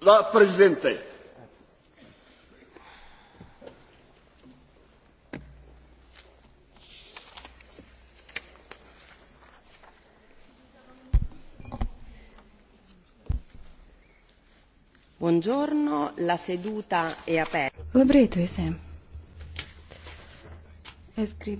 La Presidente. Buongiorno, la seduta è aperta. Labrīt visiem! Es gribu.